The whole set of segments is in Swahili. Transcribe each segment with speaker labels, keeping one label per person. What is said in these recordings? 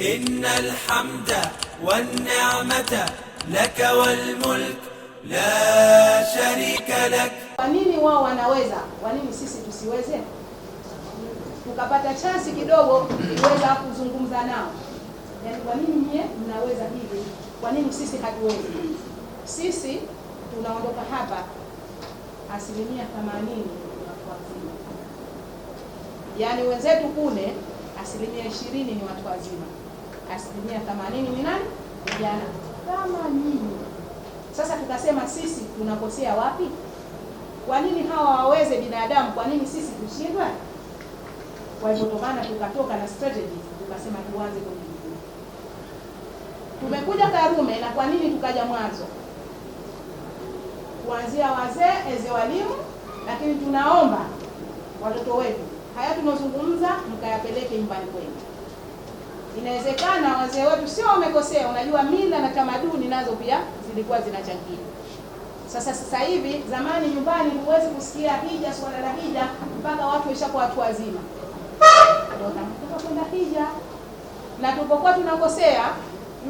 Speaker 1: إن الحمد والنعمة لك والملك la sharika lak.
Speaker 2: Kwa nini wao wanaweza, kwa nini sisi tusiweze? Tukapata chansi kidogo kuweza kuzungumza nao, yaani kwanini nini nyie mnaweza hivi, kwa nini sisi hatuwezi? Sisi tunaondoka hapa asilimia themanini watu wazima, yaani wenzetu kule asilimia ishirini ni watu wazima asilimia themanini ni nani? Vijana kama nyinyi. Sasa tukasema sisi tunakosea wapi? Kwa nini hawa waweze binadamu, kwa nini sisi tushindwe? Kwa hivyo tokana, tukatoka na strategy, tukasema tuanze kujifunza. Tumekuja Karume, na kwa nini tukaja mwanzo, kuanzia wazee eze walimu, lakini tunaomba watoto wetu haya tunazungumza mkayapeleke nyumbani kwenu. Inawezekana wazee wetu sio wamekosea. Unajua, mila na tamaduni nazo pia zilikuwa zinachangia. Sasa sasa hivi, zamani nyumbani huwezi kusikia hija, swala la hija mpaka watu waishakuwa watu wazima kwenda hija, na tulipokuwa tunakosea,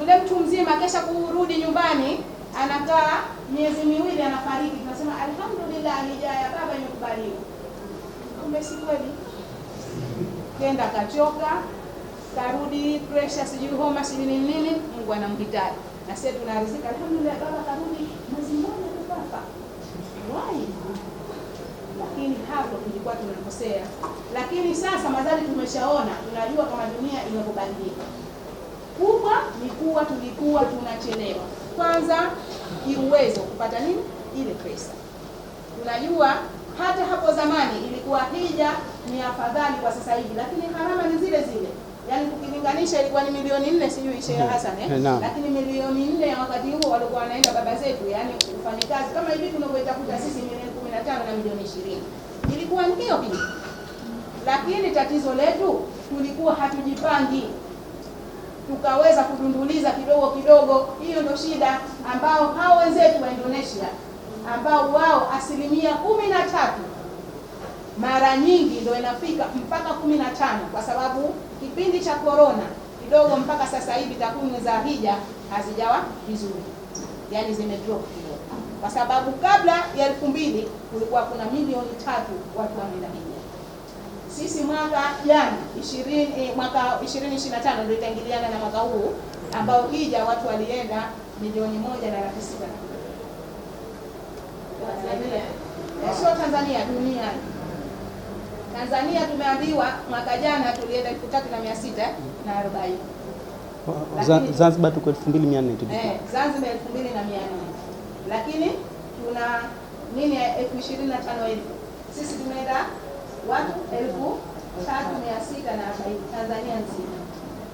Speaker 2: yule mtu mzima kesha kurudi nyumbani anakaa miezi miwili anafariki, tunasema alhamdulillah, hija ya baba imekubaliwa. Kumbe si kweli, kenda kachoka karudi presha sijui homa, sijui nini nini. Mungu anamhitaji na sisi tunarizika. Alhamdulillah, baba karudi mwezi mmoja tu papa wai, lakini hapo tulikuwa tunakosea. Lakini sasa madhari tumeshaona, tunajua kama dunia imekubalika kubwa ni kuwa tulikuwa tunachelewa kwanza kiuwezo kupata nini ile pesa. Tunajua hata hapo zamani ilikuwa hija ni afadhali kwa sasa hivi, lakini gharama ni zile zile yani kukilinganisha ilikuwa ni milioni nne sijui Sheikh mhm. Hassan eh? eh Lakini milioni nne ya wakati huo walikuwa wanaenda baba zetu, yani kufanya kazi kama hivi tunavyoitakuta sisi milioni 15 na milioni 20. Ilikuwa ndio hiyo. Lakini tatizo letu tulikuwa hatujipangi. Tukaweza kudunduliza kidogo kidogo. Hiyo ndio shida ambao hao wenzetu wa Indonesia ambao wao asilimia kumi na tatu mara nyingi ndio inafika mpaka kumi na tano kwa sababu Kipindi cha corona kidogo, mpaka sasa hivi takwimu za hija hazijawa vizuri, yani zimedrop kidogo, kwa sababu kabla ya elfu mbili kulikuwa kuna milioni tatu watu wameenda hija. Sisi mwaka jana ishirini eh, mwaka ishirini ishirini na tano ndio itaingiliana na mwaka huu ambao hija watu walienda milioni moja na laki sita eh, sio Tanzania, dunia. Tanzania tumeambiwa mwaka jana tulienda elfu tatu na mia sita na arobaini
Speaker 3: Zanzibar tuko elfu mbili mia nne
Speaker 2: eh, Zanzibar elfu mbili na mia nne lakini tuna nini elfu ishirini na tano elfu sisi tumeenda watu elfu tatu mia sita na arobaini Tanzania nzima.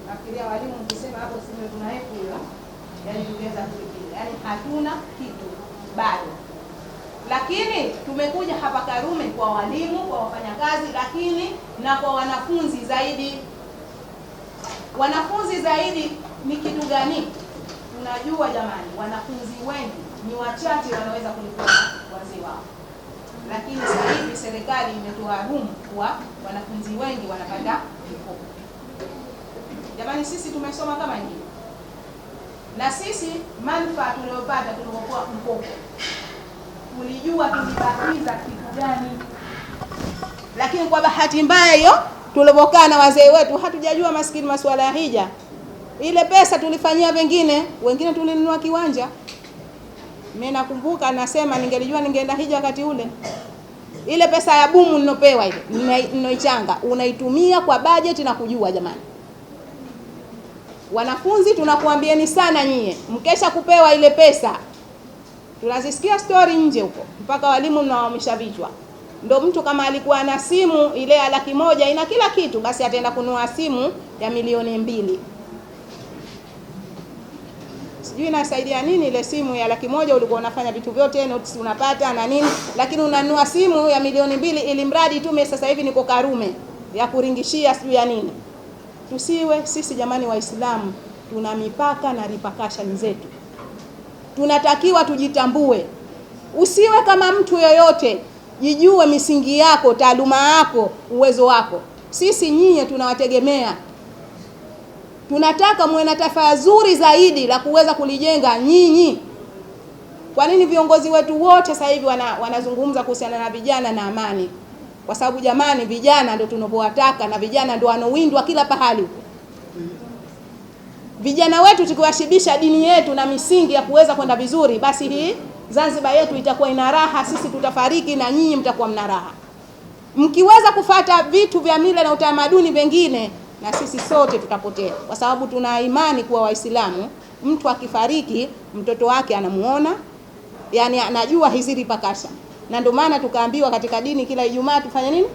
Speaker 2: Nafikiria walimu mkisema hapo sisi tuna hefu hiyo, yani tungeweza kuipiga, yani hatuna kitu bado lakini tumekuja hapa Karume kwa walimu, kwa wafanyakazi, lakini na kwa wanafunzi zaidi. Wanafunzi zaidi ni kitu gani? Tunajua jamani, wanafunzi wengi ni wachache wanaweza kulipia wazee wao, lakini sasa hivi serikali imetuharumu kuwa wanafunzi wengi wanapata mikopo. Jamani, sisi tumesoma kama nyinyi, na sisi manufaa tunayopata tulipokuwa mkopo tulijua tulibakiza kitu gani, lakini kwa bahati mbaya hiyo tulipokaa na wazee wetu hatujajua maskini masuala ya hija. Ile pesa tulifanyia wengine, wengine tulinunua kiwanja. Mimi nakumbuka nasema, ningelijua ningeenda hija wakati ule. Ile pesa ya bumu ninopewa ile ninoichanga, unaitumia kwa bajeti na kujua. Jamani wanafunzi, tunakuambieni sana nyie, mkesha kupewa ile pesa tunazisikia stori nje huko, mpaka walimu mnawaumisha vichwa. Ndo mtu kama alikuwa na simu ile ya laki moja ina kila kitu, basi ataenda kununua simu ya milioni mbili. Sijui inasaidia nini ile simu ya laki moja, ulikuwa unafanya vitu vyote, notes unapata na nini, lakini unanunua simu ya milioni mbili ili mradi tume. Sasa hivi niko Karume ya kuringishia sijui ya nini. Tusiwe sisi jamani, Waislamu tuna mipaka na ripakashani zetu tunatakiwa tujitambue. Usiwe kama mtu yoyote, jijue misingi yako, taaluma yako, uwezo wako. Sisi nyinyi tunawategemea, tunataka muwe na taifa zuri zaidi la kuweza kulijenga nyinyi. Kwa nini viongozi wetu wote sasa hivi wana, wanazungumza kuhusiana na vijana na amani? Kwa sababu jamani, vijana ndio tunapowataka na vijana ndio wanowindwa kila pahali vijana wetu tukiwashibisha dini yetu na misingi ya kuweza kwenda vizuri, basi hii Zanzibar yetu itakuwa ina raha, sisi tutafariki na nyinyi mtakuwa mna raha. Mkiweza kufata vitu vya mila na utamaduni vingine, na sisi sote tutapotea, kwa sababu tuna imani kuwa Waislamu, mtu akifariki mtoto wake anamuona, yani anajua hizi ripakasha, na ndio maana tukaambiwa katika dini kila Ijumaa tufanye nini,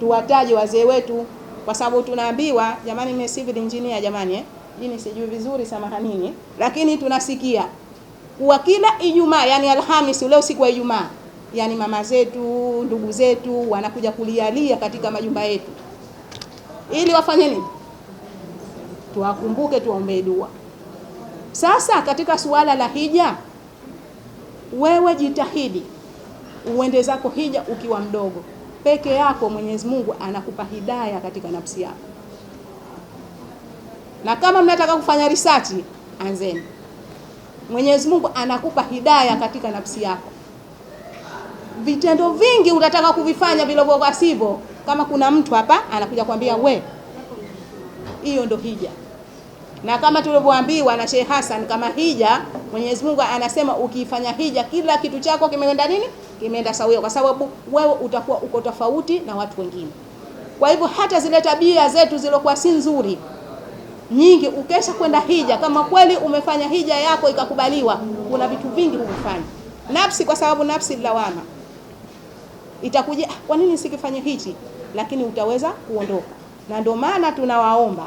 Speaker 2: tuwataje wazee wetu kwa sababu tunaambiwa jamani, mimi civil engineer jamani, eh, jini sijui vizuri, samahanini, lakini tunasikia kuwa kila Ijumaa, yani Alhamisi, leo siku ya Ijumaa, yani mama zetu, ndugu zetu wanakuja kulialia katika majumba yetu ili wafanye nini? Tuwakumbuke, tuwaombee dua. Sasa katika suala la hija, wewe jitahidi uende zako hija ukiwa mdogo peke yako, Mwenyezi Mungu anakupa hidaya katika nafsi yako. Na kama mnataka kufanya research, anzeni. Mwenyezi Mungu anakupa hidaya katika nafsi yako. Vitendo vingi unataka kuvifanya vilivyo sivyo. Kama kuna mtu hapa anakuja kuambia we, hiyo ndo hija na kama tulivyoambiwa na Sheikh Hassan, kama hija, Mwenyezi Mungu anasema ukifanya hija, kila kitu chako kimeenda nini? Kimeenda sawia, kwa sababu wewe utakuwa uko tofauti na watu wengine. Kwa hivyo hata zile tabia zetu zilokuwa si nzuri nyingi, ukesha kwenda hija, kama kweli umefanya hija yako ikakubaliwa, kuna vitu vingi umefanya nafsi, kwa sababu nafsi lawama itakuja, ah, kwa nini sikifanye hichi? Lakini utaweza kuondoka, na ndio maana tunawaomba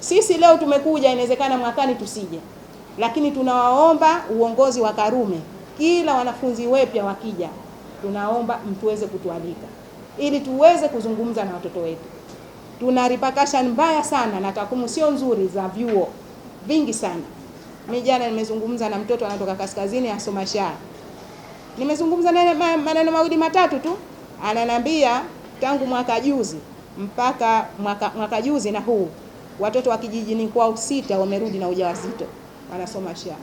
Speaker 2: sisi leo tumekuja, inawezekana mwakani tusije, lakini tunawaomba uongozi wa Karume, kila wanafunzi wepya wakija, tunaomba mtuweze kutualika ili tuweze kuzungumza na watoto wetu. Tuna repercussion mbaya sana na takwimu sio nzuri za vyuo vingi sana. Mimi jana nimezungumza na mtoto anatoka kaskazini asoma shaa, nimezungumza naye maneno mawili matatu tu, ananiambia tangu mwaka juzi mpaka mwaka, mwaka juzi na huu Watoto wa kijijini kwao sita wamerudi na ujawazito wanasoma Sha.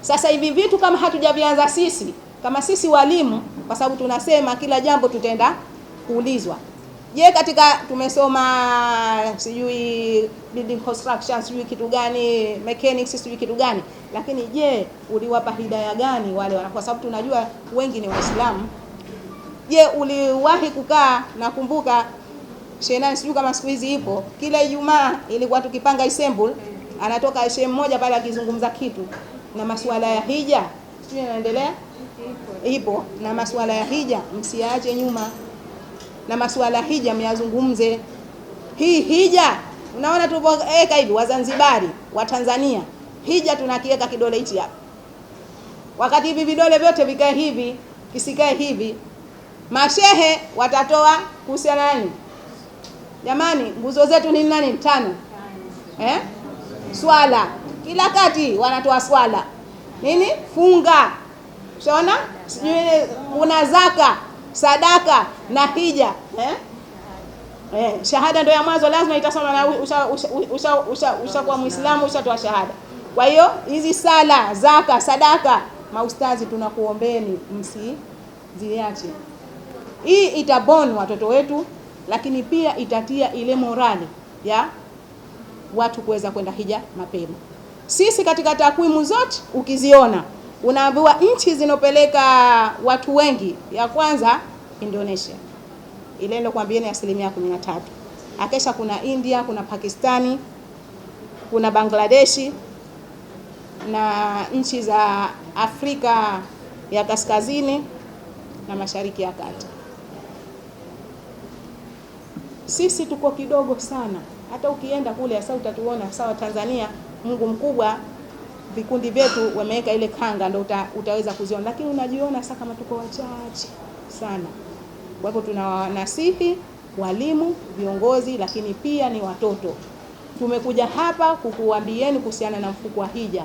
Speaker 2: Sasa hivi vitu kama hatujavianza sisi kama sisi walimu, kwa sababu tunasema kila jambo tutaenda kuulizwa. Je, katika tumesoma sijui building construction sijui kitu gani mechanics sijui kitu gani, lakini je, uliwapa hidaya gani wale kwa sababu tunajua wengi ni Waislamu. Je, uliwahi kukaa nakumbuka Shenani sijui kama siku hizi ipo. Kila Ijumaa ilikuwa tukipanga assembly, anatoka shehe mmoja pale akizungumza kitu na masuala ya hija, sijui anaendelea ipo na masuala ya hija, msiache nyuma na masuala ya hija myazungumze. Hii hija unaona tuweka hivi, Wazanzibari wa Tanzania hija tunakiweka kidole hichi hapa, wakati hivi vidole vyote vikae hivi, kisikae hivi. Mashehe watatoa kuhusiana nani Jamani, nguzo zetu ni nani? Tano eh? Swala kila kati wanatoa swala nini, funga, ushaona sijui una zaka, sadaka na hija eh? Eh, shahada ndio ya mwanzo lazima itasoma na ushakuwa usha, usha, usha, usha Muislamu ushatoa shahada. Kwa hiyo hizi sala, zaka, sadaka, maustazi, tunakuombeni msi msiziache. Hii itabon watoto wetu lakini pia itatia ile morali ya watu kuweza kwenda hija mapema. Sisi katika takwimu zote ukiziona, unaambiwa nchi zinopeleka watu wengi, ya kwanza Indonesia, ile ndio kwambie ni asilimia 13, akesha kuna India, kuna Pakistani, kuna Bangladeshi na nchi za Afrika ya kaskazini na mashariki ya kati. Sisi tuko kidogo sana, hata ukienda kule hasa utatuona sawa. Tanzania Mungu mkubwa, vikundi vyetu wameweka ile kanga, ndio uta, utaweza kuziona, lakini unajiona sasa kama tuko wachache sana. Kwa hivyo tunawanasihi walimu, viongozi, lakini pia ni watoto. Tumekuja hapa kukuambieni kuhusiana na mfuko wa hija,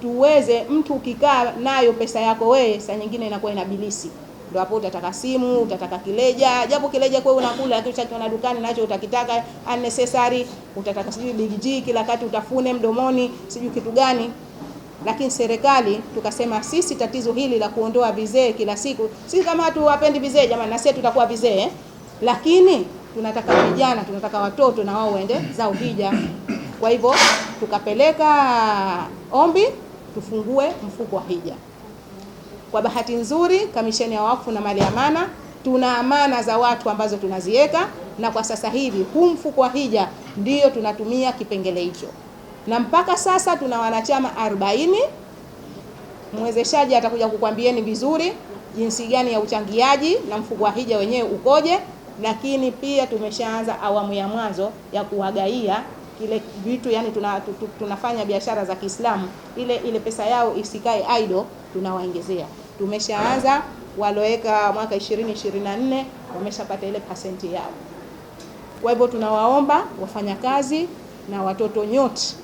Speaker 2: tuweze mtu ukikaa nayo pesa yako wewe, saa nyingine inakuwa inabilisi ndio hapo utataka simu, utataka kileja, japo kileja kwa unakula, lakini uchakiona dukani nacho utakitaka unnecessary, utataka sijui big G kila kati utafune mdomoni, sijui kitu gani. Lakini serikali tukasema sisi, tatizo hili la kuondoa vizee kila siku, sisi kama watu wapendi vizee jamani, na sisi tutakuwa vizee, lakini tunataka vijana, tunataka watoto na wao waende zao hija. Kwa hivyo tukapeleka ombi tufungue mfuko wa hija. Kwa bahati nzuri, Kamisheni ya Wakfu na Mali ya Amana tuna amana za watu ambazo tunaziweka, na kwa sasa hivi huu mfuko wa hija ndiyo tunatumia kipengele hicho, na mpaka sasa tuna wanachama 40. Mwezeshaji atakuja kukwambieni vizuri jinsi gani ya uchangiaji na mfuko wa hija wenyewe ukoje, lakini pia tumeshaanza awamu ya mwanzo ya kuwagaia kile vitu yani tuna, tunafanya biashara za Kiislamu, ile ile pesa yao isikae idle, tunawaongezea tumeshaanza waloweka mwaka 2024 wameshapata ile pasenti yao. Kwa hivyo tunawaomba wafanyakazi na watoto nyote,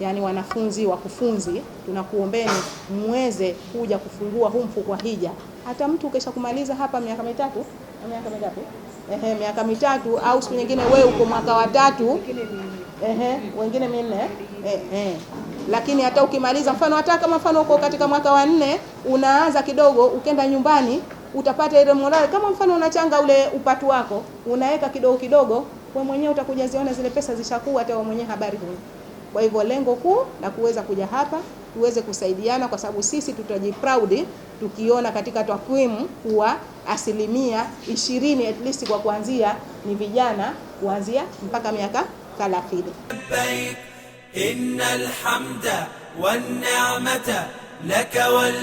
Speaker 2: yani wanafunzi, wakufunzi, tunakuombeni muweze kuja kufungua huu mfuko wa hija. Hata mtu ukisha kumaliza hapa miaka mitatu, miaka mitatu, ehe, miaka mitatu au siku nyingine wewe uko mwaka wa tatu, ehe, wengine minne, ehe lakini hata ukimaliza, mfano hata kama mfano uko katika mwaka wa nne unaanza kidogo, ukenda nyumbani utapata ile morale. Kama mfano unachanga ule upatu wako unaweka kidogo kidogo, wewe mwenyewe utakuja ziona zile pesa zishakuwa hata wewe mwenyewe habari huna. Kwa hivyo lengo kuu la kuweza kuja hapa tuweze kusaidiana, kwa sababu sisi tutajiproud tukiona katika takwimu kuwa asilimia ishirini at least kwa kuanzia ni vijana kuanzia mpaka miaka 30. إن الحمد والنعمة لك وال